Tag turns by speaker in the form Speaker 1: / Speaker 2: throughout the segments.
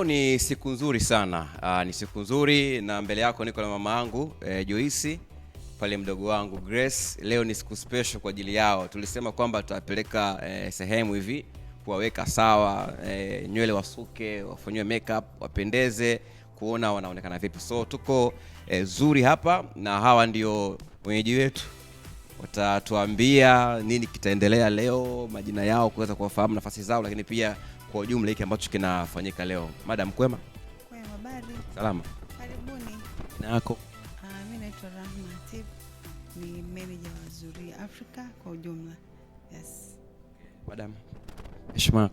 Speaker 1: Leo ni siku nzuri sana. Aa, ah, ni siku nzuri na mbele yako niko na mama yangu eh, Joyce pale mdogo wangu Grace. Leo ni siku special kwa ajili yao. Tulisema kwamba tutapeleka eh, sehemu hivi kuwaweka sawa eh, nywele wasuke, wafanyiwe makeup, wapendeze, kuona wanaonekana vipi. So tuko eh, zuri hapa na hawa ndio wenyeji wetu watatuambia nini kitaendelea leo, majina yao kuweza kuwafahamu nafasi zao, lakini pia kwa ujumla hiki ambacho kinafanyika leo. Madam kwema? Kwema, habari? Salama. Karibuni. Nako. Ah, mimi naitwa
Speaker 2: Rahma Tip. ni manager wa Zuria Africa kwa ujumla. Yes.
Speaker 1: Madam.
Speaker 3: Heshima.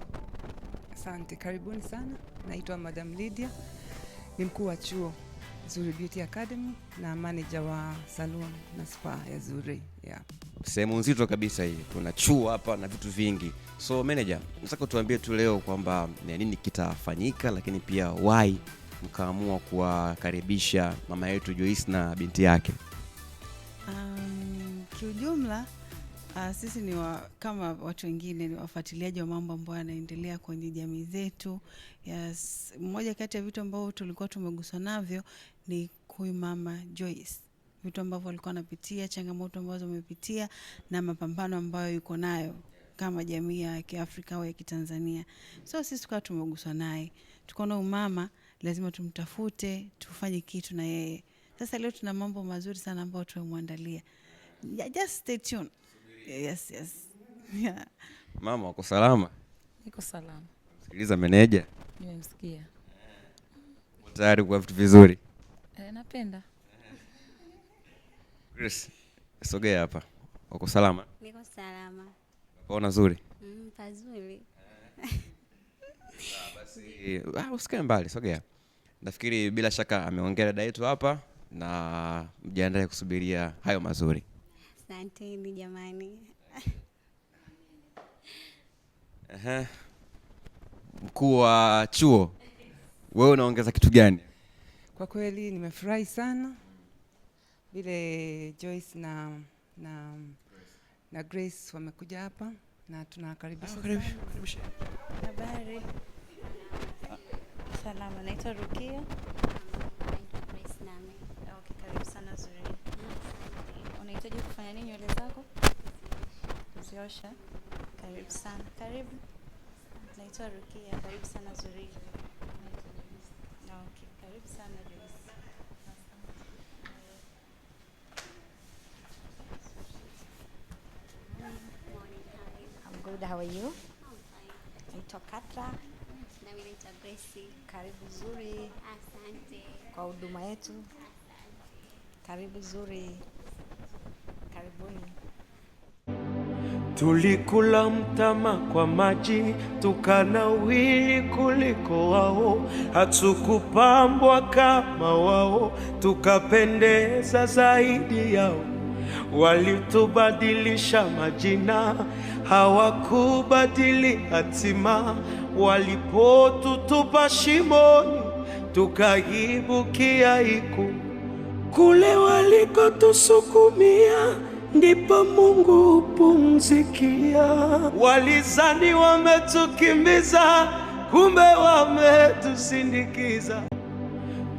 Speaker 4: Asante, karibuni sana. Naitwa Madam Lydia, ni mkuu wa chuo Zuri Beauty Academy na manager wa salon na spa ya Zuri. Yeah
Speaker 1: sehemu nzito kabisa hii, kuna chuo hapa na vitu vingi. So manager, nataka tuambie tu leo kwamba eh, nini kitafanyika, lakini pia why mkaamua kuwakaribisha mama yetu Joyce na binti yake?
Speaker 2: Um, kiujumla uh, sisi ni wa, kama watu wengine ni wafuatiliaji wa mambo ambayo yanaendelea kwenye jamii zetu. Yes, mmoja kati ya vitu ambavyo tulikuwa tumeguswa navyo ni huyu mama Joyce vitu ambavyo walikuwa anapitia, changamoto ambazo amepitia na mapambano ambayo yuko nayo kama jamii ya Kiafrika au ya Kitanzania. So sisi tukawa tumeguswa naye, tukaona umama lazima tumtafute, tufanye kitu na yeye. Sasa leo tuna mambo mazuri sana ambayo tumemwandalia. Yeah, just stay tuned. Yes, yes. Yeah.
Speaker 1: Mama, uko salama? Niko salama. Sikiliza meneja.
Speaker 2: Nimemsikia.
Speaker 1: Tayari kwa vitu vizuri.
Speaker 2: Eh, napenda.
Speaker 1: Grace, sogea hapa. Uko salama?
Speaker 5: Niko salama. Unaona nzuri? Mm, pazuri.
Speaker 1: Ah, basi, ah, usikae mbali, sogea. Nafikiri bila shaka ameongea dada yetu hapa na mjiandae kusubiria hayo mazuri.
Speaker 5: ni jamani.
Speaker 1: Ehe. Mkuu wa chuo, wewe unaongeza kitu gani?
Speaker 2: Kwa kweli nimefurahi sana vile Joyce na na Grace, na Grace wamekuja hapa na tunawakaribisha. Karibisha. Habari. Salama, naitwa Rukia. Okay, karibu sana Zuri. Unahitaji kufanya nini nywele zako? Kuziosha. Karibu sana. Karibu. Naitwa Rukia. Karibu sana Zuri. Okay, karibu sana. zuri. Good, how are you? Naitwa Katra.
Speaker 6: Na naitwa Grace.
Speaker 2: Karibu Zuri.
Speaker 6: Asante.
Speaker 2: Kwa huduma yetu. Asante. Karibu Zuri. Karibuni.
Speaker 7: Tulikula mtama kwa maji, tukanawili kuliko wao, hatukupambwa kama wao, tukapendeza zaidi yao. Walitubadilisha majina, hawakubadili hatima. Walipotutupa shimoni, tukaibukia iku. Kule walikotusukumia, ndipo Mungu upumzikia. Walizani wametukimbiza, kumbe wametusindikiza.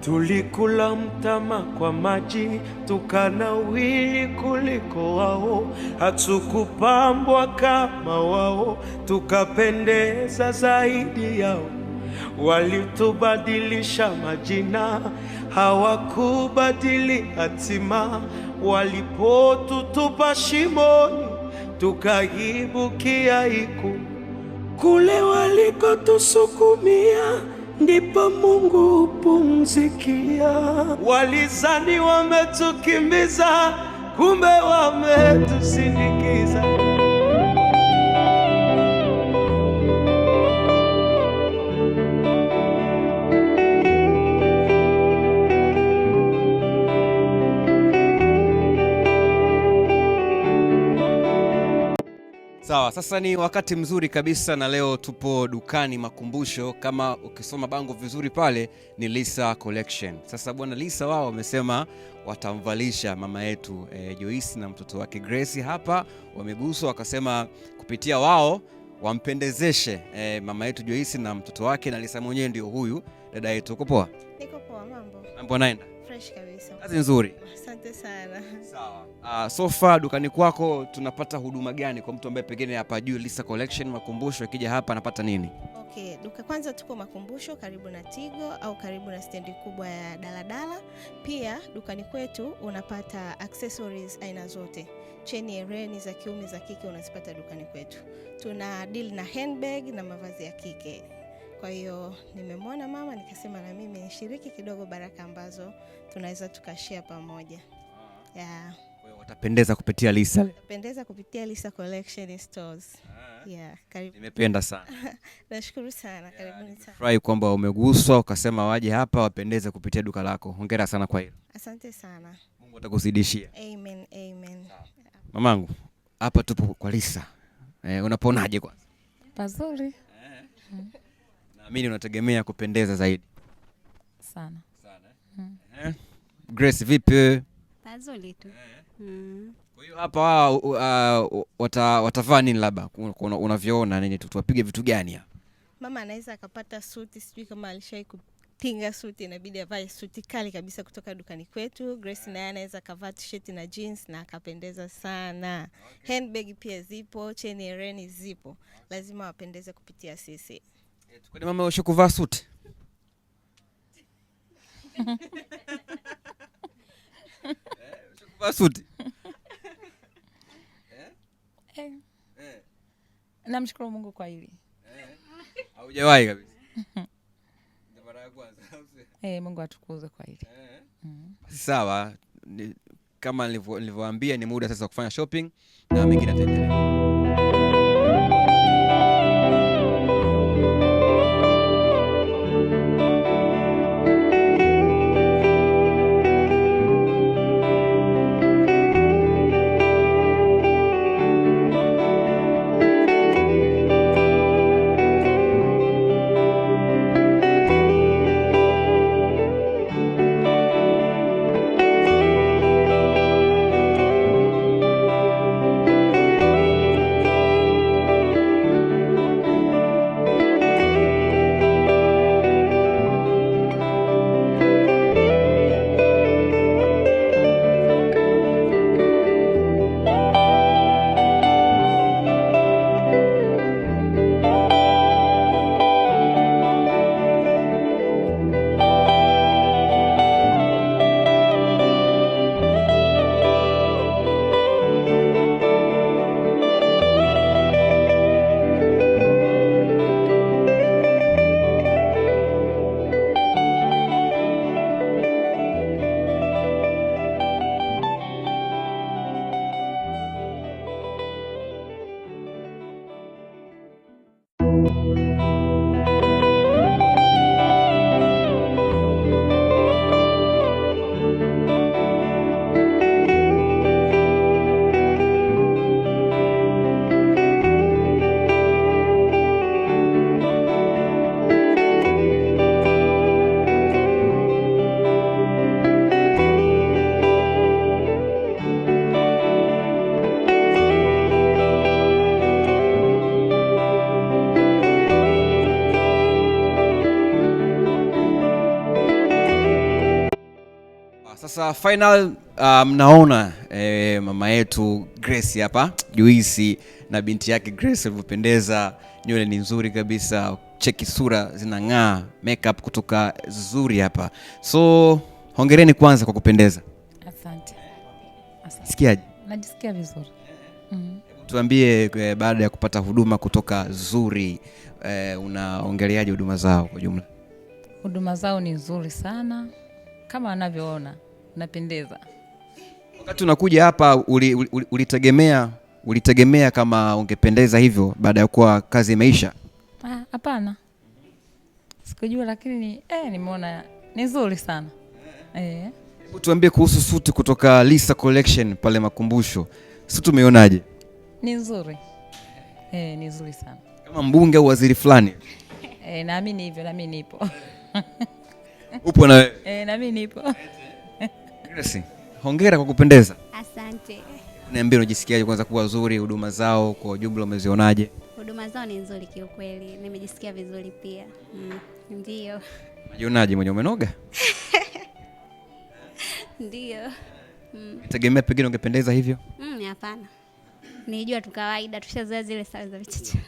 Speaker 7: Tulikula mtama kwa maji, tukanawili kuliko wao, hatukupambwa kama wao, tukapendeza zaidi yao. Walitubadilisha majina, hawakubadili hatima. Walipotutupa shimoni, tukaibukia iku. Kule walikotusukumia ndipo Mungu upumzikia. Walizani wametukimbiza, kumbe wametusindikiza.
Speaker 1: Sawa, sasa ni wakati mzuri kabisa na leo tupo dukani Makumbusho, kama ukisoma bango vizuri pale ni Lisa Collection. Sasa bwana Lisa wao wamesema watamvalisha mama yetu e, Joyce na mtoto wake Grace hapa wameguswa, wakasema kupitia wao wampendezeshe e, mama yetu Joyce na mtoto wake, na Lisa mwenyewe ndio huyu dada yetu. Uko poa?
Speaker 8: Niko poa. Mambo mambo, naenda fresh kabisa.
Speaker 1: Kazi nzuri,
Speaker 8: asante sana.
Speaker 1: Sawa. Uh, ah, sofa dukani kwako tunapata huduma gani kwa mtu ambaye pengine juu Lisa Collection makumbusho, akija hapa anapata nini?
Speaker 8: Okay, duka kwanza tuko makumbusho karibu na Tigo au karibu na stendi kubwa ya daladala. Pia dukani kwetu unapata accessories aina zote, cheni, hereni za kiume, za kike unazipata dukani kwetu. Tuna deal na handbag na mavazi ya kike. Kwa hiyo nimemwona mama nikasema na mimi nishiriki kidogo baraka ambazo tunaweza tukashare pamoja. Ah. Yeah.
Speaker 1: watapendeza kupitia Lisa.
Speaker 8: Watapendeza kupitia Lisa Collection Stores. Ah. Yeah,
Speaker 1: karibu. Nimependa sana.
Speaker 8: Nashukuru sana. Karibuni sana.
Speaker 1: Furahi kwamba umeguswa ukasema waje hapa wapendeze kupitia duka lako. Hongera sana kwa hilo.
Speaker 8: Asante sana.
Speaker 1: Mungu atakuzidishia.
Speaker 8: Amen, amen.
Speaker 1: Mamangu, hapa tupo kwa Lisa. Eh, unaponaje kwanza?
Speaker 2: Pazuri. Eh. Mm.
Speaker 1: Naamini unategemea kupendeza zaidi sana. Sana. Mm. Eh. Grace vipi?
Speaker 5: Pazuri tu. Mm.
Speaker 1: Kwa hiyo hapa wao uh, wata, watavaa nini labda unavyoona nini tuwapige vitu gani hapa?
Speaker 8: Mama anaweza akapata suti, sijui kama alishai kupinga suti, inabidi avae suti kali kabisa kutoka dukani kwetu. Grace naye anaweza akavaa t-shirt na jeans na akapendeza sana. Okay. Handbag pia zipo, cheni, hereni zipo, lazima wapendeze kupitia sisi.
Speaker 1: Kwani mama washe kuvaa suti? Eh, kuvaa suti.
Speaker 2: Eh? Eh. Namshukuru Mungu kwa hili.
Speaker 1: Haujawahi kabisa.
Speaker 2: Eh, Mungu atukuze kwa hili. Mm.
Speaker 1: Sawa, kama nilivyowaambia ni muda sasa wa kufanya shopping na mengine ataendelea. Sasa final mnaona um, e, mama yetu Grace hapa Juisi na binti yake Grace alivyopendeza, nywele ni nzuri kabisa, cheki sura zinang'aa, makeup kutoka zuri hapa. So hongereni kwanza kwa kupendeza. Asante. Asante. Sikiaje?
Speaker 9: Najisikia vizuri. Mm -hmm.
Speaker 1: Tuambie eh, baada ya kupata huduma kutoka Zuri e, unaongeleaje huduma zao kwa jumla?
Speaker 2: Huduma zao ni nzuri sana kama wanavyoona napendeza.
Speaker 1: Wakati unakuja hapa ulitegemea uli, uli ulitegemea kama ungependeza hivyo baada ya kuwa kazi imeisha?
Speaker 2: Ah, hapana, sikujua, lakini eh, nimeona ni nzuri sana
Speaker 1: eh. eh. Hebu tuambie kuhusu suti kutoka Lisa Collection pale Makumbusho, suti umeionaje?
Speaker 2: Ni nzuri eh, ni nzuri sana
Speaker 1: kama mbunge au waziri fulani
Speaker 2: eh, naamini hivyo, nami nipo upo na wewe eh, nami nipo eh,
Speaker 1: Grace, hongera kwa kupendeza.
Speaker 5: Asante.
Speaker 1: Niambie unajisikiaje kwanza kuwa zuri huduma zao kwa ujumla umezionaje?
Speaker 5: Huduma zao ni nzuri kiukweli, nimejisikia vizuri pia. Mm, ndio.
Speaker 1: Unajionaje mwenye umenoga?
Speaker 5: Ndio. Mm.
Speaker 1: Tegemea pengine ungependeza hivyo?
Speaker 5: Mm, hapana. Nijua tu kawaida, tushazoea zile sare za vichacha.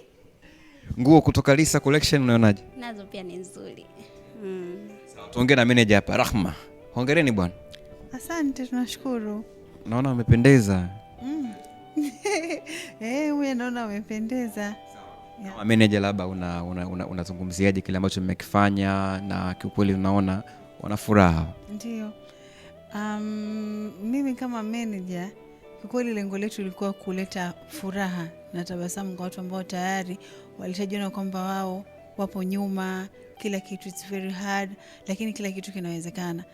Speaker 1: Nguo kutoka Lisa Collection unaonaje?
Speaker 5: Nazo pia ni nzuri. Mm.
Speaker 1: Sawa, tuongee na manager hapa Rahma. Hongereni bwana.
Speaker 2: Asante, tunashukuru.
Speaker 1: Naona amependeza. Mm.
Speaker 2: Eh, wewe naona amependeza.
Speaker 1: Kama meneja labda unazungumziaje una, una kile ambacho mmekifanya na kiukweli unaona wana furaha?
Speaker 2: Ndio. Um, mimi kama meneja kiukweli lengo letu lilikuwa kuleta furaha na tabasamu kwa watu ambao tayari walishajiona kwamba wao wapo nyuma, kila kitu it's very hard, lakini kila kitu kinawezekana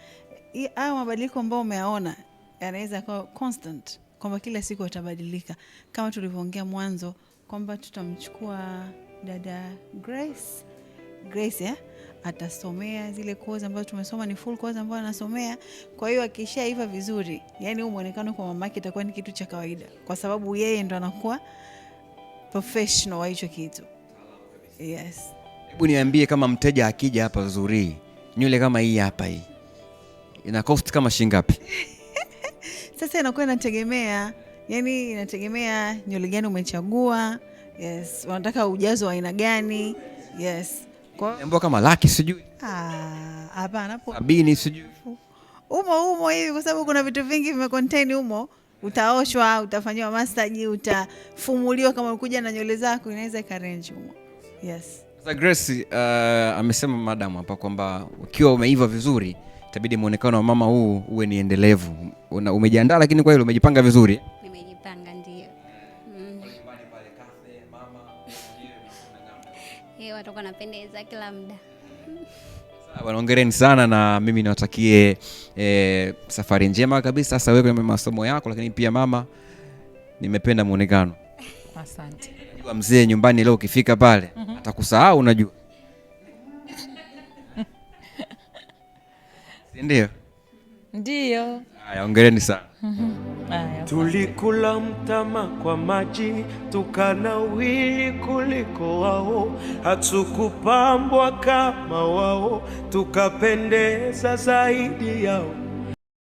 Speaker 2: haya mabadiliko ambayo umeyaona yanaweza kuwa constant, kwamba kila siku atabadilika, kama tulivyoongea mwanzo kwamba tutamchukua dada Grace Grace ya? Eh, atasomea zile kozi ambazo tumesoma ni full kozi ambayo anasomea. Kwa hiyo akishaiva vizuri, yani huu mwonekano kwa mamake itakuwa ni kitu cha kawaida, kwa sababu yeye ndo anakuwa professional wa hicho kitu. Yes,
Speaker 1: hebu niambie, kama mteja akija hapa Zurii, nywele kama hii hapa hii ina cost kama shilingi ngapi?
Speaker 2: Sasa inakuwa inategemea, yani inategemea nywele gani umechagua. Yes, wanataka ujazo wa aina gani? Yes,
Speaker 1: kwa kama laki sijui,
Speaker 2: ah, hapana,
Speaker 1: sabini sijui,
Speaker 2: umo umo hivi, kwa sababu kuna vitu vingi vimecontain umo. Utaoshwa, utafanyiwa massage, utafumuliwa. Kama ukuja na nywele zako, inaweza ikarange umo. Yes.
Speaker 1: Grace uh, amesema madam hapa kwamba ukiwa umeiva vizuri itabidi muonekano wa mama huu uwe ni endelevu. Umejiandaa lakini kwa hilo umejipanga vizuri?
Speaker 5: Nimejipanga ndio. Mm. Eh, Watakuwa napendeza kila muda.
Speaker 1: hongereni sana na mimi niwatakie eh, safari njema kabisa, sasa wewe kwenye masomo yako, lakini pia mama, nimependa muonekano. Asante. Najua mzee nyumbani leo ukifika pale mm -hmm. atakusahau unajua. si ndio?
Speaker 2: Ndio.
Speaker 1: Haya, ongereni sana.
Speaker 7: Mm-hmm. Tulikula mtama kwa maji, tukanawili kuliko wao, hatukupambwa kama wao, tukapendeza zaidi yao